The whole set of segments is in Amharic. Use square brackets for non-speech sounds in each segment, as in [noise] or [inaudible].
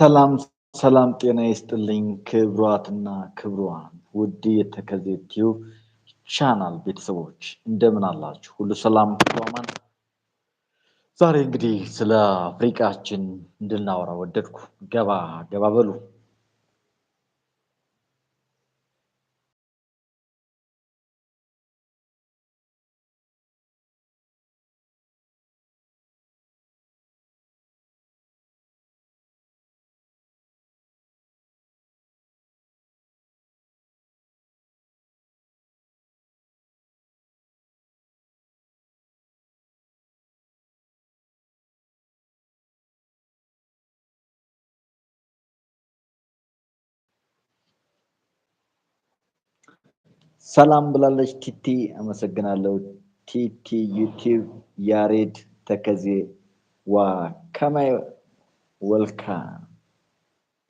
ሰላም ሰላም፣ ጤና ይስጥልኝ ክብሯትና ክብሯን ውድ የተከዜ ቲዩብ ቻናል ቤተሰቦች እንደምን አላችሁ? ሁሉ ሰላም ክብሯማን። ዛሬ እንግዲህ ስለ አፍሪቃችን እንድናወራ ወደድኩ። ገባ ገባ በሉ ሰላም ብላለች ቲቲ። አመሰግናለሁ ቲቲ። ዩቲዩብ ያሬድ ተከዜ ዋ ከማይ ወልካ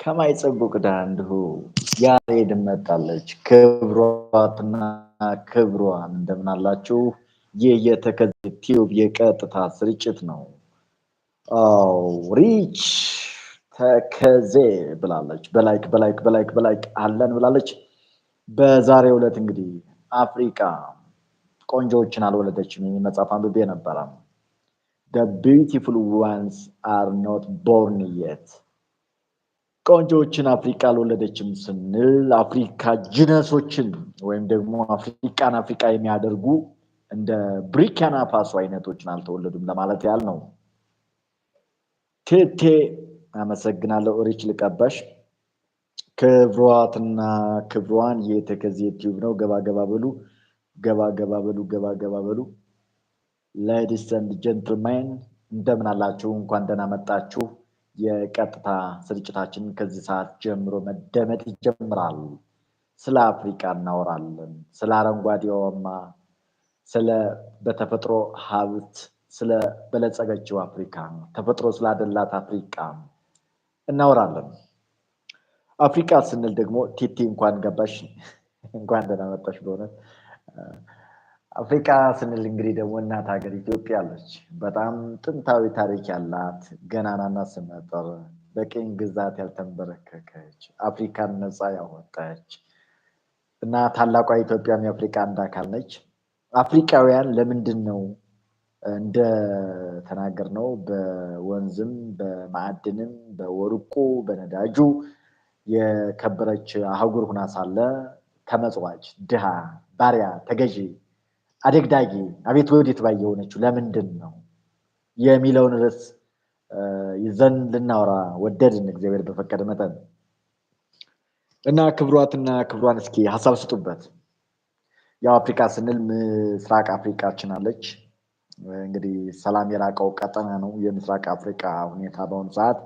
ከማይ ጽቡ ቅዳ እንዲሁ ያሬድ መጣለች። ክብሯትና ክብሯን እንደምናላችሁ። ይህ የተከዜ ቲዩብ የቀጥታ ስርጭት ነው። ሪች ተከዜ ብላለች። በላይክ በላይክ በላይክ በላይክ አለን ብላለች። በዛሬው ዕለት እንግዲህ አፍሪካ ቆንጆዎችን አልወለደችም የሚል መጽሐፍ አንብቤ ነበረ። ቢዩቲፉል ዋንስ አር ኖት ቦርን የት። ቆንጆዎችን አፍሪካ አልወለደችም ስንል አፍሪካ ጅነሶችን ወይም ደግሞ አፍሪካን አፍሪካ የሚያደርጉ እንደ ብሪኪያና ፋሶ አይነቶችን አልተወለዱም ለማለት ያህል ነው። ቴቴ አመሰግናለሁ። ሪች ልቀበሽ ክብሯትና ክብሯን የተከዜ ዩቲዩብ ነው። ገባ ገባ በሉ ገባ ገባ በሉ ገባ ገባ በሉ። ሌዲስ ኤንድ እንደምን አላችሁ? እንኳን ደህና መጣችሁ። የቀጥታ ስርጭታችን ከዚህ ሰዓት ጀምሮ መደመጥ ይጀምራል። ስለ አፍሪካ እናወራለን። ስለ አረንጓዴዋማ፣ ስለ በተፈጥሮ ሀብት ስለ በለጸገችው አፍሪካ፣ ተፈጥሮ ስላደላት አፍሪካ እናወራለን። አፍሪካ ስንል ደግሞ ቲቲ እንኳን ገባሽ፣ እንኳን ደህና መጣሽ። በእውነት ስንል እንግዲህ ደግሞ እናት ሀገር ኢትዮጵያ አለች። በጣም ጥንታዊ ታሪክ ያላት ገናናና ስመጥር በቅኝ ግዛት ያልተንበረከከች አፍሪካን ነፃ ያወጣች እና ታላቋ ኢትዮጵያም የአፍሪቃ አንድ አካል ነች። አፍሪካውያን ለምንድን ነው እንደተናገር ነው በወንዝም በማዕድንም በወርቁ በነዳጁ የከበረች አህጉር ሁና ሳለ ተመጽዋች፣ ድሃ፣ ባሪያ፣ ተገዢ፣ አደግዳጊ አቤት ወዴት ባይ የሆነችው ለምንድን ነው የሚለውን ርዕስ ይዘን ልናወራ ወደድን እግዚአብሔር በፈቀደ መጠን እና ክብሯትና ክብሯን እስኪ ሀሳብ ስጡበት። ያው አፍሪካ ስንል ምስራቅ አፍሪካችን አለች። እንግዲህ ሰላም የራቀው ቀጠና ነው የምስራቅ አፍሪካ ሁኔታ በአሁኑ ሰዓት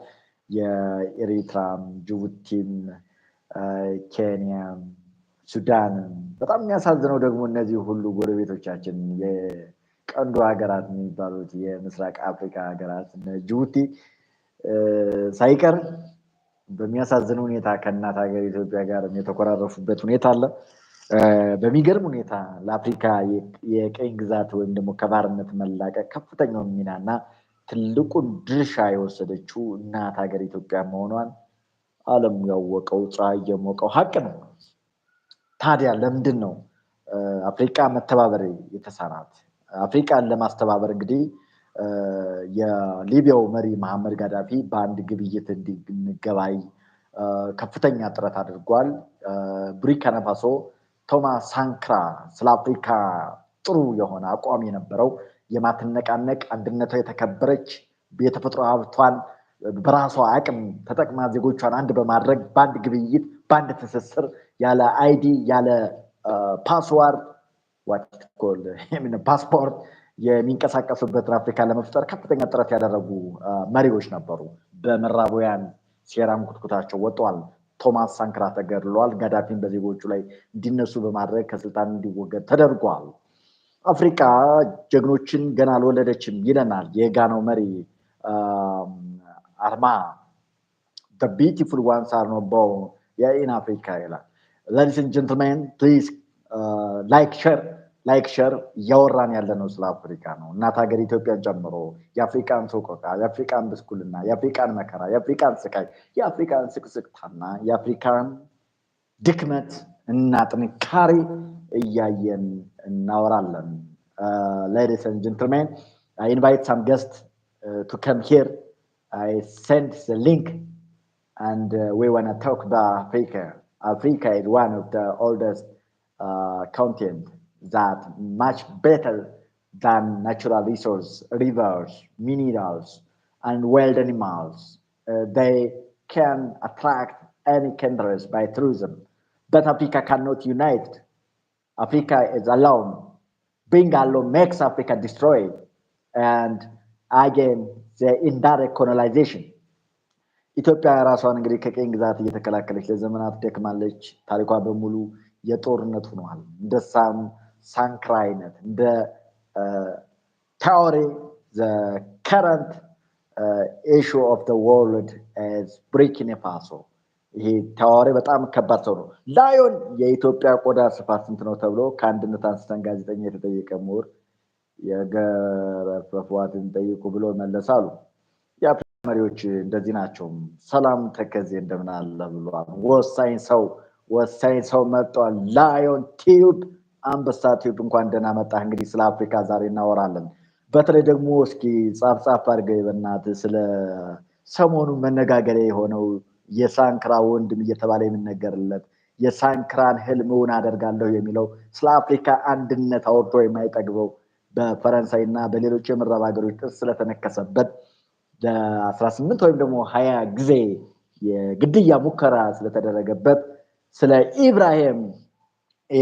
የኤሪትራም ጅቡቲም ኬንያም ሱዳንም በጣም የሚያሳዝነው ደግሞ እነዚህ ሁሉ ጎረቤቶቻችን የቀንዱ ሀገራት የሚባሉት የምስራቅ አፍሪካ ሀገራት ጅቡቲ ሳይቀር በሚያሳዝን ሁኔታ ከእናት ሀገር ኢትዮጵያ ጋር የተኮራረፉበት ሁኔታ አለ። በሚገርም ሁኔታ ለአፍሪካ የቀኝ ግዛት ወይም ደግሞ ከባርነት መላቀቅ ከፍተኛው ሚና እና ትልቁን ድርሻ የወሰደችው እናት ሀገር ኢትዮጵያ መሆኗን አለም ያወቀው ፀሐይ የሞቀው ሀቅ ነው። ታዲያ ለምንድን ነው አፍሪቃ መተባበር የተሳናት? አፍሪቃን ለማስተባበር እንግዲህ የሊቢያው መሪ መሐመድ ጋዳፊ በአንድ ግብይት እንዲገባይ ከፍተኛ ጥረት አድርጓል። ቡርኪና ፋሶ ቶማስ ሳንክራ ስለ አፍሪካ ጥሩ የሆነ አቋም የነበረው የማትነቃነቅ አንድነቷ የተከበረች የተፈጥሮ ሀብቷን በራሷ አቅም ተጠቅማ ዜጎቿን አንድ በማድረግ በአንድ ግብይት፣ በአንድ ትስስር ያለ አይዲ ያለ ፓስዋርድ [laughs] ፓስፖርት የሚንቀሳቀሱበትን አፍሪካ ለመፍጠር ከፍተኛ ጥረት ያደረጉ መሪዎች ነበሩ። በምዕራባውያን ሴራም ኩትኩታቸው ወጥተዋል። ቶማስ ሳንክራ ተገድሏል። ጋዳፊን በዜጎቹ ላይ እንዲነሱ በማድረግ ከስልጣን እንዲወገድ ተደርጓል። አፍሪካ ጀግኖችን ገና አልወለደችም ይለናል የጋናው መሪ አርማ ቢቲፉል ዋንስ አር ኖት ቦርን አፍሪካ ይላል። ለዲስን ጀንትልሜን ፕሊዝ ላይክ ሸር ላይክ ሸር እያወራን ያለ ነው ስለ አፍሪካ ነው። እናት ሀገር ኢትዮጵያን ጨምሮ የአፍሪካን ሰቆቃ፣ የአፍሪካን ብስኩልና፣ የአፍሪካን መከራ፣ የአፍሪካን ስቃይ፣ የአፍሪካን ስቅስቅታና የአፍሪካን ድክመት and ጥንካሬ እያየን እናወራለን። ሌዲስ ኤንድ ጀንትልሜን አይ ኢንቫይት ሳም ገስት ቱ ከም ሂር አይ ሴንድ ዘ ሊንክ and uh, uh, we want to talk about Africa. Africa is one of the oldest uh, continent that much better than natural resource, rivers, minerals, and wild animals. Uh, they can attract any kindreds by tourism. But Africa cannot unite. Africa is alone. Being alone makes Africa destroyed. And again, the indirect colonization. ኢትዮጵያ ራሷን እንግዲህ ከቅኝ ግዛት እየተከላከለች ለዘመናት ደክማለች። ታሪኳ በሙሉ የጦርነት ሆኗል። እንደ ሳም ሳንክራ አይነት እንደ the ዘ ከረንት ኢሹ ኦፍ ዘ ወርልድ ኢዝ ቡርኪና ፋሶ ይሄ ተዋዋሪ በጣም ከባድ ሰው ነው። ላዮን የኢትዮጵያ ቆዳ ስፋት ስንት ነው ተብሎ ከአንድነት አንስተን ጋዜጠኛ የተጠየቀ ምሁር የገረፈፏትን ጠይቁ ብሎ መለሳሉ። የአፍሪካ መሪዎች እንደዚህ ናቸው። ሰላም ተከዜ እንደምን አለ ብሏል። ወሳኝ ሰው ወሳኝ ሰው መጥቷል። ላዮን ቲዩብ አንበሳ ቲዩብ እንኳን ደህና መጣህ። እንግዲህ ስለ አፍሪካ ዛሬ እናወራለን። በተለይ ደግሞ እስኪ ጻፍ ጻፍ አድርገህ በእናትህ ስለ ሰሞኑ መነጋገሪያ የሆነው የሳንክራ ወንድም እየተባለ የሚነገርለት የሳንክራን ህልም እውን አደርጋለሁ የሚለው ስለ አፍሪካ አንድነት አውርቶ የማይጠግበው በፈረንሳይ እና በሌሎች የምዕራብ ሀገሮች ጥርስ ስለተነከሰበት በ18 ወይም ደግሞ ሀያ ጊዜ የግድያ ሙከራ ስለተደረገበት ስለ ኢብራሂም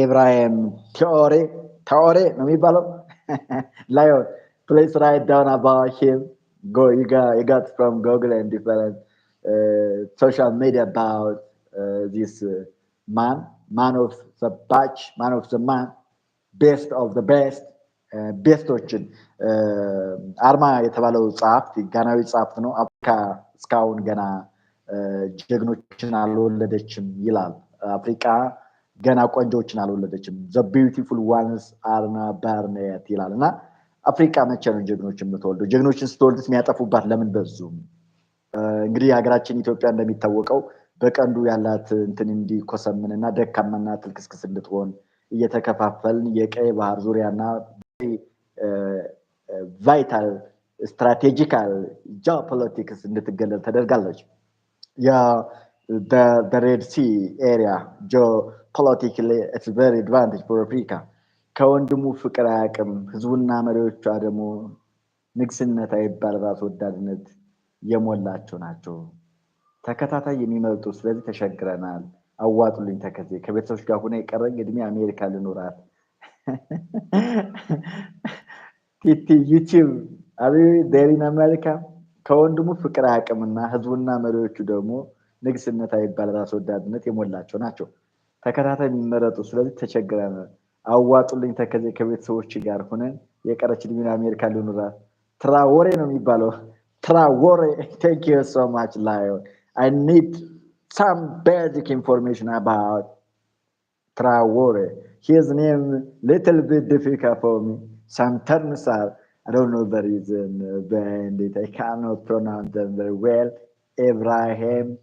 ኢብራሂም ቴዎሬ ታዎሬ ነው የሚባለው ላዮን ፕሌስ ራይት ዳውን አባሽም ዩጋት ፍሮም ጎግል ዲፈረንት Uh, social media about uh, this uh, man, man of the batch, man of the man, ቤስት ኦፍ ዘ ቤስት ቤስቶችን አርማ የተባለው ጸሐፍት ጋናዊ ጸሐፍት ነው። አፍሪካ እስካሁን ገና ጀግኖችን አልወለደችም ይላል። አፍሪካ ገና ቆንጆችን አልወለደችም፣ ዘ ቢዩቲፉል ዋንስ አርና ባርኔት ይላል እና አፍሪካ መቼ ነው ጀግኖችን የምትወልደው? ጀግኖችን ስትወልድ የሚያጠፉባት ለምን በዙም? እንግዲህ ሀገራችን ኢትዮጵያ እንደሚታወቀው በቀንዱ ያላት እንትን እንዲኮሰምን እና ደካማና ትልክስክስ እንድትሆን እየተከፋፈልን የቀይ ባህር ዙሪያና ቫይታል ስትራቴጂካል ጂኦፖለቲክስ እንድትገለል ተደርጋለች። በሬድ ሲ ኤሪያ ጂኦፖለቲካሊ ኢትስ አድቫንቴጅ ፎር አፍሪካ። ከወንድሙ ፍቅር አያውቅም። ህዝቡና መሪዎቿ ደግሞ ንግስነት አይባል ራስ ወዳድነት የሞላቸው ናቸው። ተከታታይ የሚመጡ ስለዚህ ተሸግረናል። አዋጡልኝ ተከዜ ከቤተሰቦች ጋር ሁነ የቀረኝ እድሜ አሜሪካ ልኖራት ቲቲ ዩቲብ ዴሪን አሜሪካ ከወንድሙ ፍቅር አቅምና ህዝቡና መሪዎቹ ደግሞ ንግስነት አይባል ራስ ወዳድነት የሞላቸው ናቸው። ተከታታይ የሚመረጡ ስለዚህ ተቸግረናል። አዋጡልኝ ተከዜ ከቤተሰቦች ጋር ሁነን የቀረች እድሜን አሜሪካ ልኑራት። ትራወሬ ነው የሚባለው። Traore, [laughs] thank you so much, Lion. I need some basic information about Traore. His name little bit difficult for me. Some terms are I don't know the reason behind it. I cannot pronounce them very well. Abraham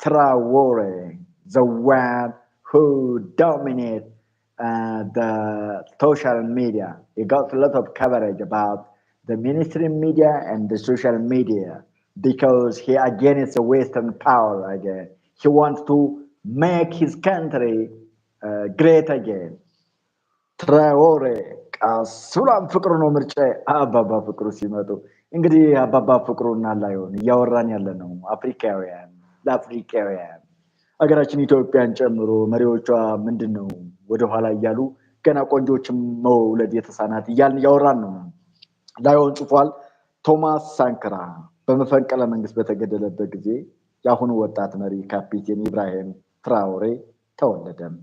Traore, the one who dominated uh, the social media. He got a lot of coverage about the mainstream media and the social media because he again is a Western power again. He wants to make his country uh, great again. ትራኦሬ ቃሱላም ፍቅሩ ነው ምርጫ አባባ ፍቅሩ ሲመጡ እንግዲህ አባባ ፍቅሩ እና እያወራን ያለ ነው። አፍሪካውያን ለአፍሪካውያን ሀገራችን ኢትዮጵያን ጨምሮ መሪዎቿ ምንድን ነው ወደኋላ እያሉ ገና ቆንጆችም መውለድ የተሳናት እያልን እያወራን ነው። ላይሆን ጽፏል። ቶማስ ሳንክራ በመፈንቅለ መንግስት በተገደለበት ጊዜ የአሁኑ ወጣት መሪ ካፒቴን ኢብራሂም ትራውሬ ተወለደም።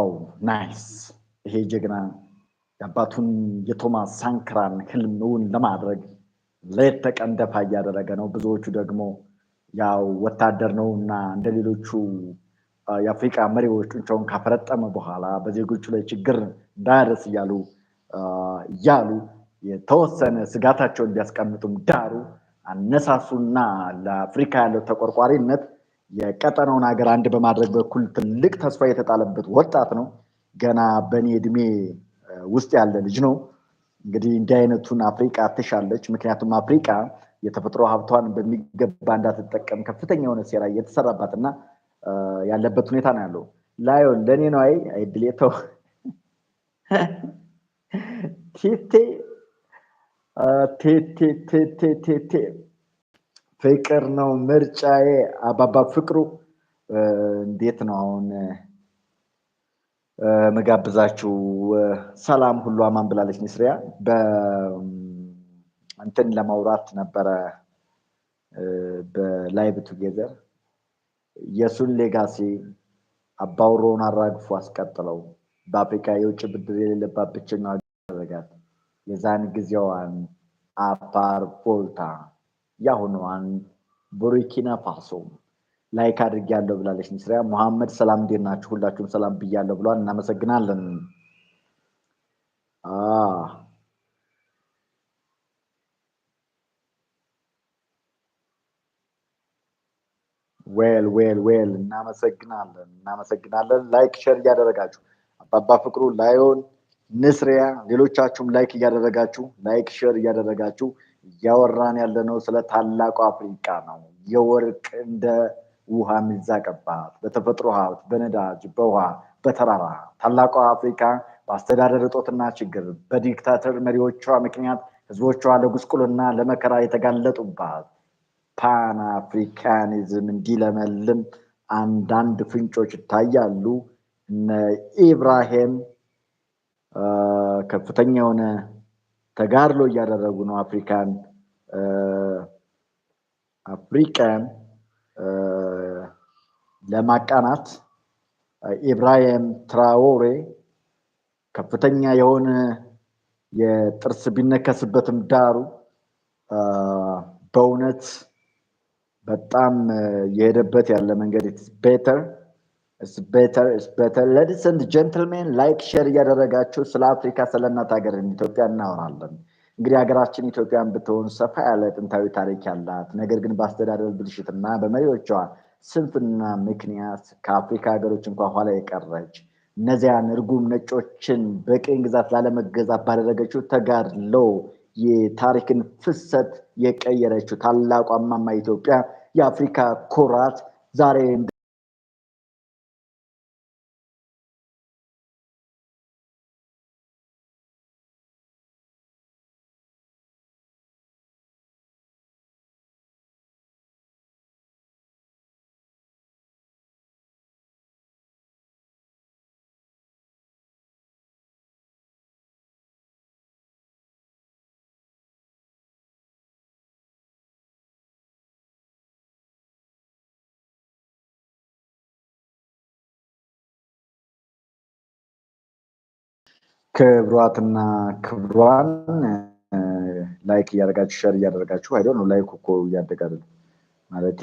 ኦው ናይስ! ይሄ ጀግና የአባቱን የቶማስ ሳንክራን ህልምውን ለማድረግ ለየት ተቀን ደፋ እያደረገ ነው። ብዙዎቹ ደግሞ ያው ወታደር ነው እና እንደ ሌሎቹ የአፍሪቃ መሪዎች ጡንቻውን ካፈረጠመ በኋላ በዜጎቹ ላይ ችግር እንዳያደርስ እያሉ እያሉ የተወሰነ ስጋታቸውን ቢያስቀምጡም ዳሩ አነሳሱና ለአፍሪካ ያለው ተቆርቋሪነት የቀጠናውን ሀገር አንድ በማድረግ በኩል ትልቅ ተስፋ የተጣለበት ወጣት ነው። ገና በእኔ እድሜ ውስጥ ያለ ልጅ ነው። እንግዲህ እንዲህ አይነቱን አፍሪቃ ትሻለች። ምክንያቱም አፍሪቃ የተፈጥሮ ሀብቷን በሚገባ እንዳትጠቀም ከፍተኛ የሆነ ሴራ እየተሰራባትና ያለበት ሁኔታ ነው ያለው። ላዮን ለእኔ ነው። አይ አይድሌተው ቲቴ [laughs] ቴቴቴቴቴቴ ፍቅር ነው ምርጫዬ። አባባ ፍቅሩ እንዴት ነው አሁን መጋብዛችሁ? ሰላም ሁሉ አማን ብላለች ንስሪያ። በእንትን ለማውራት ነበረ በላይቭ ቱጌዘር የሱን ሌጋሲ አባውሮውን አራግፎ አስቀጥለው በአፍሪካ የውጭ ብድር የሌለባት ብቸኛ አደረጋት። የዛን ጊዜዋን አፓር ቮልታ ያሁኗን ቡርኪና ፋሶ ላይክ ያለው ብላለች ንስሪያ ሙሐመድ። ሰላም እንዴት ናችሁ? ሁላችሁም ሰላም ብያለሁ ብሏል። እናመሰግናለን። ዌል ዌል ዌል እናመሰግናለን፣ እናመሰግናለን። ላይክ ሸር እያደረጋችሁ አባባ ፍቅሩ ላዮን ንስሪያ ሌሎቻችሁም ላይክ እያደረጋችሁ ላይክ ሼር እያደረጋችሁ እያወራን ያለነው ስለ ታላቁ አፍሪካ ነው። የወርቅ እንደ ውሃ የሚዛቀባት በተፈጥሮ ሀብት፣ በነዳጅ፣ በውሃ፣ በተራራ ታላቋ አፍሪካ በአስተዳደር እጦትና ችግር በዲክታተር መሪዎቿ ምክንያት ህዝቦቿ ለጉስቁልና ለመከራ የተጋለጡባት ፓን አፍሪካኒዝም እንዲለመልም አንዳንድ ፍንጮች ይታያሉ። እነ ኢብራሂም ከፍተኛ የሆነ ተጋድሎ እያደረጉ ነው። አፍሪካን አፍሪካን ለማቃናት ኢብራሂም ትራዎሬ ከፍተኛ የሆነ የጥርስ ቢነከስበትም ዳሩ በእውነት በጣም የሄደበት ያለ መንገድ ቤተር ሌዲስ ጀንትልሜን ላይክ ሼር እያደረጋችሁ ስለ አፍሪካ ስለ እናት ሀገር ኢትዮጵያ እናወራለን። እንግዲህ ሀገራችን ኢትዮጵያን ብትሆን ሰፋ ያለ ጥንታዊ ታሪክ ያላት ነገር ግን በአስተዳደር ብልሽትና በመሪዎቿ ስንፍና ምክንያት ከአፍሪካ ሀገሮች እንኳ ኋላ የቀረች እነዚያን እርጉም ነጮችን በቅኝ ግዛት ላለመገዛት ባደረገችው ተጋድሎ የታሪክን ፍሰት የቀየረችው ታላቋ እማማ ኢትዮጵያ የአፍሪካ ኩራት ዛሬ ክብሯትና ክብሯን ላይክ እያደረጋችሁ ሸር እያደረጋችሁ አይደ ነው። ላይክ እኮ እያደገ አይደለም ማለቴ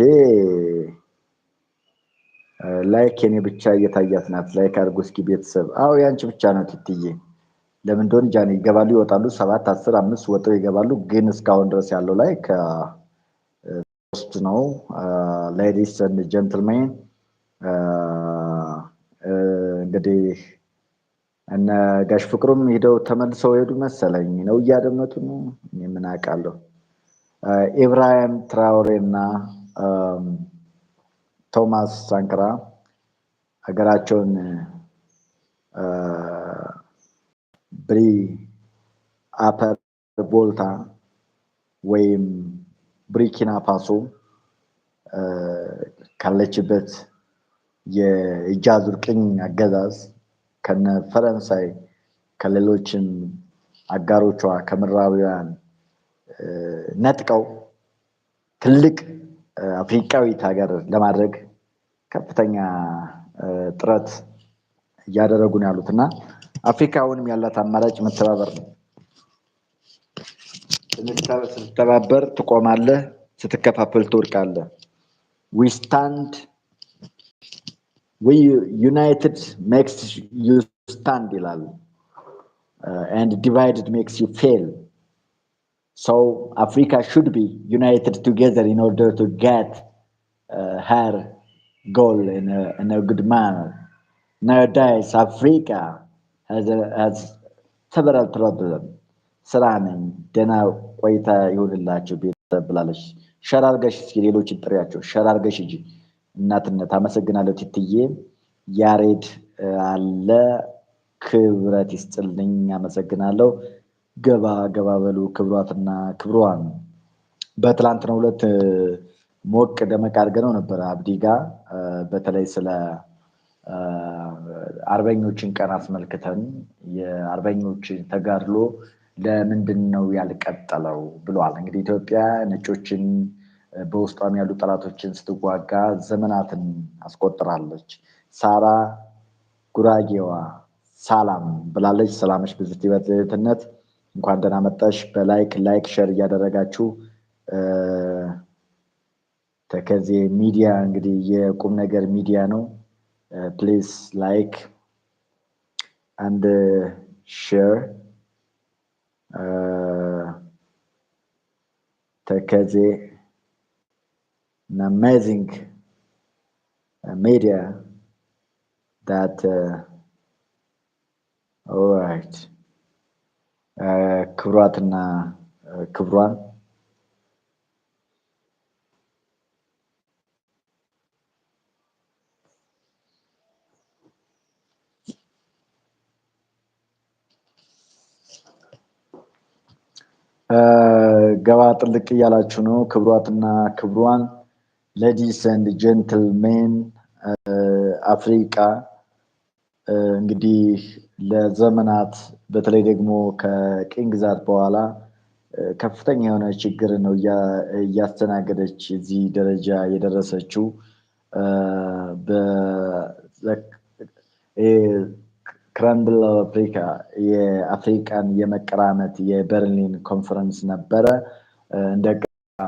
ላይክ የኔ ብቻ እየታያት ናት። ላይክ አድርጎ እስኪ ቤተሰብ። አዎ የአንቺ ብቻ ነው ትትዬ። ለምን እንደሆነ ጃን ይገባሉ ይወጣሉ፣ ሰባት አስር አምስት ወጥሮ ይገባሉ። ግን እስካሁን ድረስ ያለው ላይክ ሶስት ነው። ሌዲስ ጀንትልሜን እንግዲህ እነ ጋሽ ፍቅሩም ሂደው ተመልሰው ሄዱ መሰለኝ። ነው እያደመጡ ነው። ምን አውቃለሁ። ኢብራሂም ትራውሬ እና ቶማስ ሳንክራ ሀገራቸውን ብሪ አፐር ቦልታ ወይም ብሪኪና ፓሶ ካለችበት የኢጃዙር ቅኝ አገዛዝ ከነ ፈረንሳይ ከሌሎችም አጋሮቿ ከምዕራባውያን ነጥቀው ትልቅ አፍሪቃዊት ሀገር ለማድረግ ከፍተኛ ጥረት እያደረጉ ነው ያሉት እና አፍሪካውንም ያላት አማራጭ መተባበር ነው። ስትተባበር ትቆማለህ፣ ስትከፋፈል ትወድቃለህ። ዊስታንድ we united makes you stand ilal uh, and divided makes you fail so africa should be united together in order to get uh, her goal in a, in a good manner nowadays africa has has several problems ስራንን ደህና ቆይታ ይሁንላችሁ ቤተሰብ ብላለች ሸራርገሽ እስኪ ሌሎችን ጥሪያቸው ሸራርገሽ እናትነት አመሰግናለሁ ትትዬ። ያሬድ አለ ክብረት ይስጥልኝ አመሰግናለሁ። ገባ ገባ በሉ ክብሯትና ክብሯን። በትላንትናው ዕለት ሞቅ ደመቅ አድርገነው ነበር አብዲ ጋ በተለይ ስለ አርበኞችን ቀን አስመልክተን የአርበኞች ተጋድሎ ለምንድን ነው ያልቀጠለው ብለዋል። እንግዲህ ኢትዮጵያ ነጮችን በውስጧም ያሉ ጠላቶችን ስትዋጋ ዘመናትን አስቆጥራለች። ሳራ ጉራጌዋ ሰላም ብላለች። ሰላምሽ ብዝት ትበትነት እንኳን ደህና መጣሽ። በላይክ ላይክ ሸር እያደረጋችሁ ተከዜ ሚዲያ እንግዲህ የቁም ነገር ሚዲያ ነው። ፕሊስ ላይክ አንድ ሼር ተከዜ an amazing uh, media that ኦራይት ክብሯትና ክብሯን ገባ ጥልቅ እያላችሁ ነው። ክብሯትና ክብሯን ሌዲስ ኤንድ ጀንትልሜን አፍሪቃ እንግዲህ ለዘመናት በተለይ ደግሞ ከቅኝ ግዛት በኋላ uh, ከፍተኛ የሆነ ችግር ነው እያስተናገደች እዚህ ደረጃ የደረሰችው። uh, ክራምብል አፍሪካ የአፍሪቃን የመቀራመት የበርሊን ኮንፈረንስ ነበረ uh, እንደ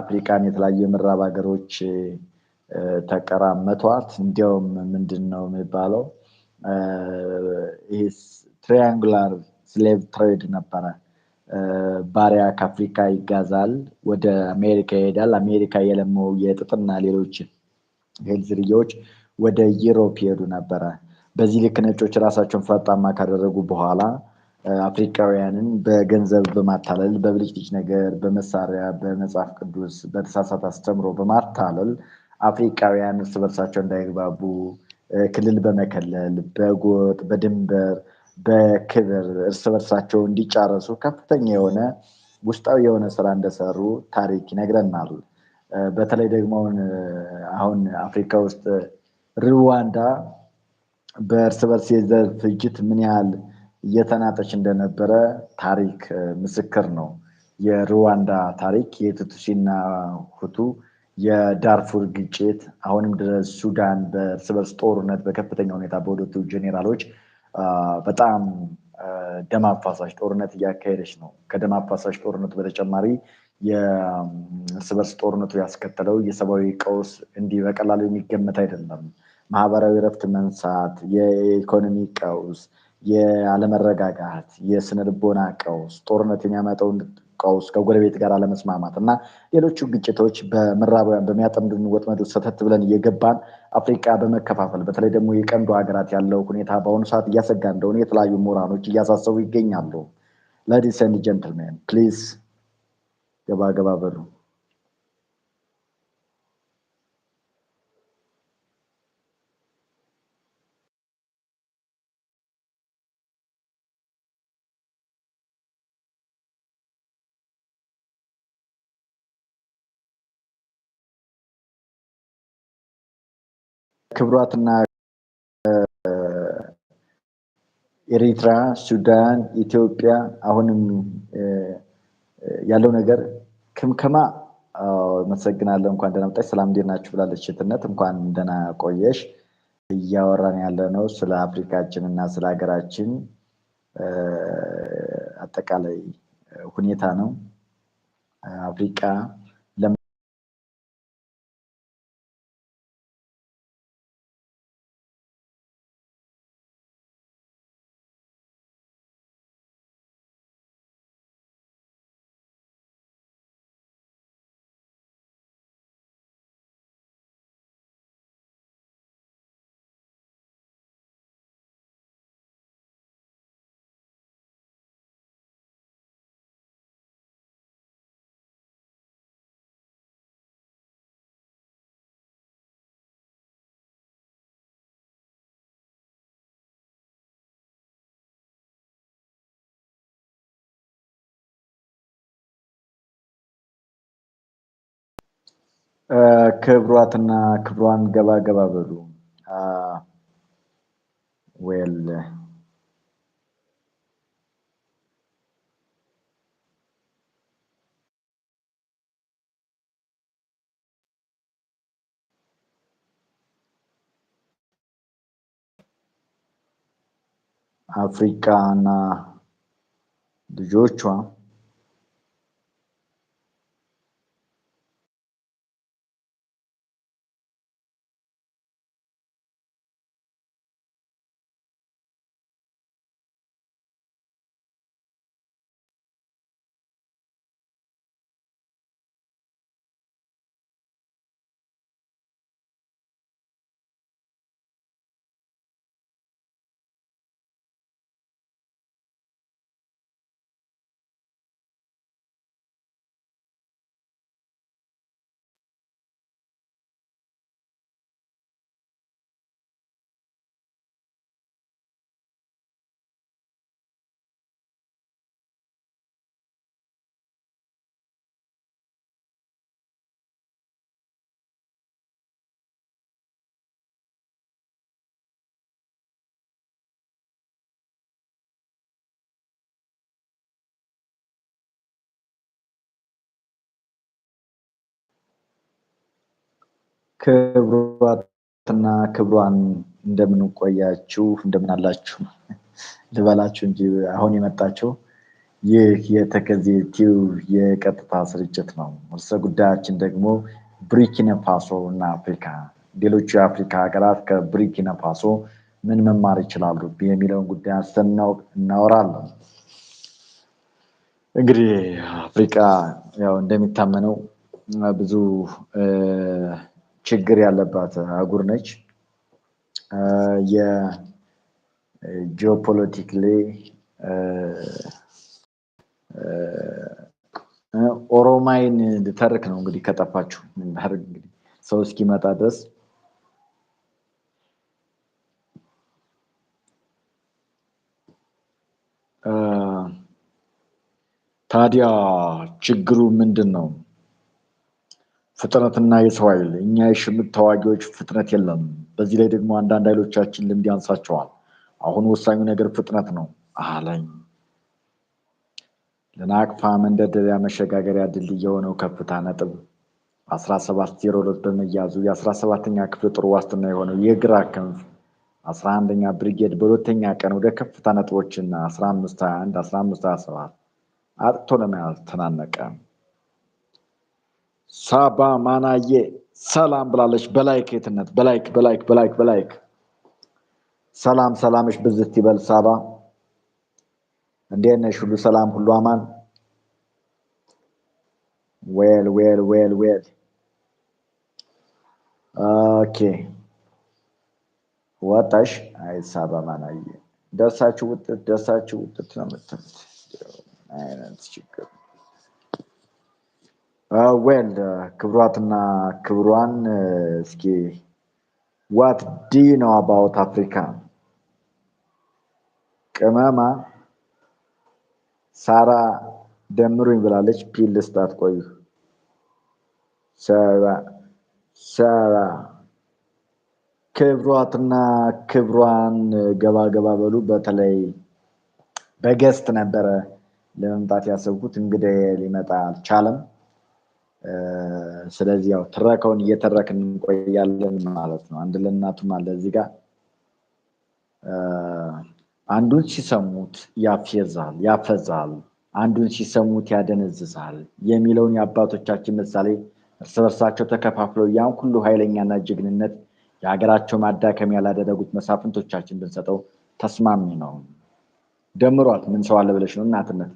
አፍሪካን የተለያዩ የምዕራብ ሀገሮች ተቀራመቷት። እንዲያውም ምንድን ነው የሚባለው ይህ ትሪያንጉላር ስሌቭ ትሬድ ነበረ። ባሪያ ከአፍሪካ ይጋዛል፣ ወደ አሜሪካ ይሄዳል። አሜሪካ የለመው የጥጥና ሌሎች እህል ዝርያዎች ወደ ዩሮፕ ይሄዱ ነበረ። በዚህ ልክ ነጮች ራሳቸውን ፈጣማ ካደረጉ በኋላ አፍሪካውያንን በገንዘብ በማታለል በብልጭልጭ ነገር፣ በመሳሪያ፣ በመጽሐፍ ቅዱስ፣ በተሳሳት አስተምሮ በማታለል አፍሪካውያን እርስ በርሳቸው እንዳይግባቡ ክልል በመከለል በጎጥ፣ በድንበር፣ በክብር እርስ በርሳቸው እንዲጫረሱ ከፍተኛ የሆነ ውስጣዊ የሆነ ስራ እንደሰሩ ታሪክ ይነግረናል። በተለይ ደግሞ አሁን አፍሪካ ውስጥ ሩዋንዳ በእርስ በርስ የዘር ፍጅት ምን ያህል እየተናጠች እንደነበረ ታሪክ ምስክር ነው። የሩዋንዳ ታሪክ፣ የቱትሲና ሁቱ፣ የዳርፉር ግጭት፣ አሁንም ድረስ ሱዳን በእርስ በርስ ጦርነት በከፍተኛ ሁኔታ በሁለቱ ጄኔራሎች በጣም ደም አፋሳሽ ጦርነት እያካሄደች ነው። ከደም አፋሳሽ ጦርነቱ በተጨማሪ የእርስ በርስ ጦርነቱ ያስከተለው የሰብአዊ ቀውስ እንዲህ በቀላሉ የሚገመት አይደለም። ማህበራዊ እረፍት መንሳት፣ የኢኮኖሚ ቀውስ የአለመረጋጋት፣ የስነ ልቦና ቀውስ፣ ጦርነት የሚያመጣውን ቀውስ፣ ከጎረቤት ጋር አለመስማማት እና ሌሎቹ ግጭቶች በምዕራባውያን በሚያጠምዱን ወጥመድ ሰተት ብለን እየገባን አፍሪቃ በመከፋፈል በተለይ ደግሞ የቀንዱ ሀገራት ያለው ሁኔታ በአሁኑ ሰዓት እያሰጋ እንደሆነ የተለያዩ ምሁራኖች እያሳሰቡ ይገኛሉ። ሌዲስ ኤንድ ጀንትልሜን ፕሊዝ ገባ ገባ በሉ። ክብሯትና ኤሪትራ፣ ሱዳን፣ ኢትዮጵያ አሁንም ያለው ነገር ክምከማ መሰግናለሁ። እንኳን ደህና መጣሽ፣ ሰላም እንዴት ናችሁ ብላለች ሽትነት። እንኳን ደህና ቆየሽ። እያወራን ያለ ነው ስለ አፍሪካችን እና ስለ ሀገራችን አጠቃላይ ሁኔታ ነው። አፍሪካ ክብሯትና ክብሯን ገባ ገባ በሉ። ወል አፍሪካና ልጆቿ ክቡራትና ክብሯን እንደምንቆያችሁ እንደምናላችሁ ልበላችሁ እንጂ አሁን የመጣችው ይህ የተከዜ ቲዩብ የቀጥታ ስርጭት ነው። ርዕሰ ጉዳያችን ደግሞ ቡርኪና እና አፍሪካ፣ ሌሎቹ የአፍሪካ ሀገራት ከብሪኪነፋሶ ምን መማር ይችላሉ የሚለውን ጉዳይ አስተናው እናወራለን። እንግዲህ አፍሪካ ያው እንደሚታመነው ብዙ ችግር ያለባት አህጉር ነች። የጂኦፖለቲክሊ ኦሮማይን ልተርክ ነው እንግዲህ ከጠፋችሁ እንግዲህ ሰው እስኪመጣ ድረስ ታዲያ ችግሩ ምንድን ነው? ፍጥነትና የሰው ኃይል እኛ የሽምቅ ተዋጊዎች ፍጥነት የለም። በዚህ ላይ ደግሞ አንዳንድ ኃይሎቻችን ልምድ ያንሳቸዋል። አሁን ወሳኙ ነገር ፍጥነት ነው አለኝ። ለናቅፋ መንደርደሪያ መሸጋገሪያ ድልድይ የሆነው ከፍታ ነጥብ 1702 በመያዙ የ17ኛ ክፍል ጦር ዋስትና የሆነው የግራ ክንፍ 11ኛ ብሪጌድ በሁለተኛ ቀን ወደ ከፍታ ነጥቦችና 1521 1527 አጥቶ ለመያዝ ተናነቀ። ሳባ ማናዬ ሰላም ብላለች። በላይክ የትነት በላይክ በላይክ በላይክ በላይክ ሰላም ሰላምሽ ብዝት ይበል ሳባ፣ እንዴት ነሽ? ሁሉ ሰላም፣ ሁሉ አማን። ዌል ዌል ዌል ዌል ኦኬ። ወጣሽ? አይ ሳባ ማናዬ ደሳችሁ ውጥት ደሳችሁ ውጥት ነው የምትሉት አይነት ችግር ዌል ah, uh, ክብሯትና ክብሯን uh, እስኪ ዋት ዲ ነው አባውት አፍሪካ ቅመማ ሳራ ደምሩኝ ብላለች። ፒል ስጣት ቆዩ ሰራ ሰራ ክብሯትና ክብሯን ገባ ገባ በሉ። በተለይ በገስት ነበረ ለመምጣት ያሰብኩት እንግዲህ ሊመጣ አልቻለም። ስለዚህ ያው ትረከውን እየተረክ እንቆያለን ማለት ነው። አንድ ለእናቱም አለ እዚህ ጋር አንዱን ሲሰሙት ያፌዛል ያፈዛል፣ አንዱን ሲሰሙት ያደነዝዛል የሚለውን የአባቶቻችን ምሳሌ እርስ በርሳቸው ተከፋፍለው ያን ሁሉ ኃይለኛና ጀግንነት የሀገራቸው ማዳከም ያላደረጉት መሳፍንቶቻችን ብንሰጠው ተስማሚ ነው። ደምሯት ምን ሰው አለ ብለሽ ነው እናትነት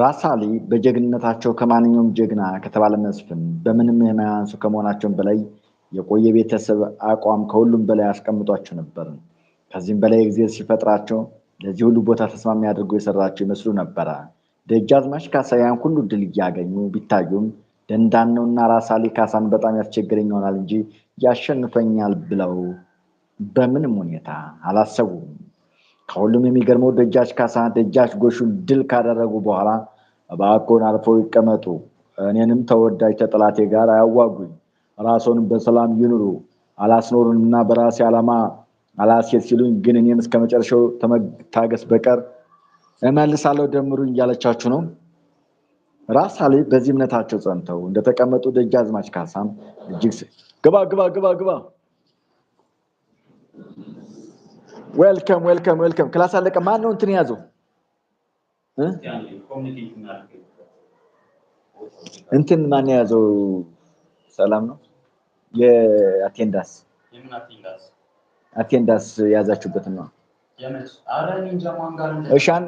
ራስ አሊ በጀግንነታቸው ከማንኛውም ጀግና ከተባለ መስፍን በምንም የማያንሱ ከመሆናቸውም በላይ የቆየ ቤተሰብ አቋም ከሁሉም በላይ አስቀምጧቸው ነበር። ከዚህም በላይ ጊዜ ሲፈጥራቸው ለዚህ ሁሉ ቦታ ተስማሚ አድርጎ የሰራቸው ይመስሉ ነበረ። ደጃዝማች ካሳ ያን ሁሉ ድል እያገኙ ቢታዩም ደንዳነውና ራስ አሊ ካሳን በጣም ያስቸግረኝ ይሆናል እንጂ ያሸንፈኛል ብለው በምንም ሁኔታ አላሰቡም። ከሁሉም የሚገርመው ደጃች ካሳ፣ ደጃች ጎሹን ድል ካደረጉ በኋላ እባክዎን አርፈው ይቀመጡ፣ እኔንም ተወዳጅ ተጠላቴ ጋር አያዋጉኝ፣ ራስዎን በሰላም ይኑሩ፣ እና በራሴ ዓላማ አላሴት ሲሉኝ ግን እኔም እስከ መጨረሻው ተመታገስ በቀር እመልሳለሁ፣ ደምሩኝ እያለቻችሁ ነው። ራስ በዚህ እምነታቸው ጸንተው እንደተቀመጡ ደጃዝማች ካሳም እጅግ ግባ ግባ ግባ ግባ ዌልከም ዌልከም ዌልከም። ክላስ አለቀ። ማን ነው እንትን የያዘው? እንትን ማን የያዘው? ሰላም ነው። የአቴንዳስ አቴንዳስ የያዛችሁበት ነው። እሻን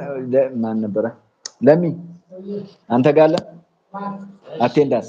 ማን ነበረ? ለሚ አንተ ጋለ አቴንዳስ?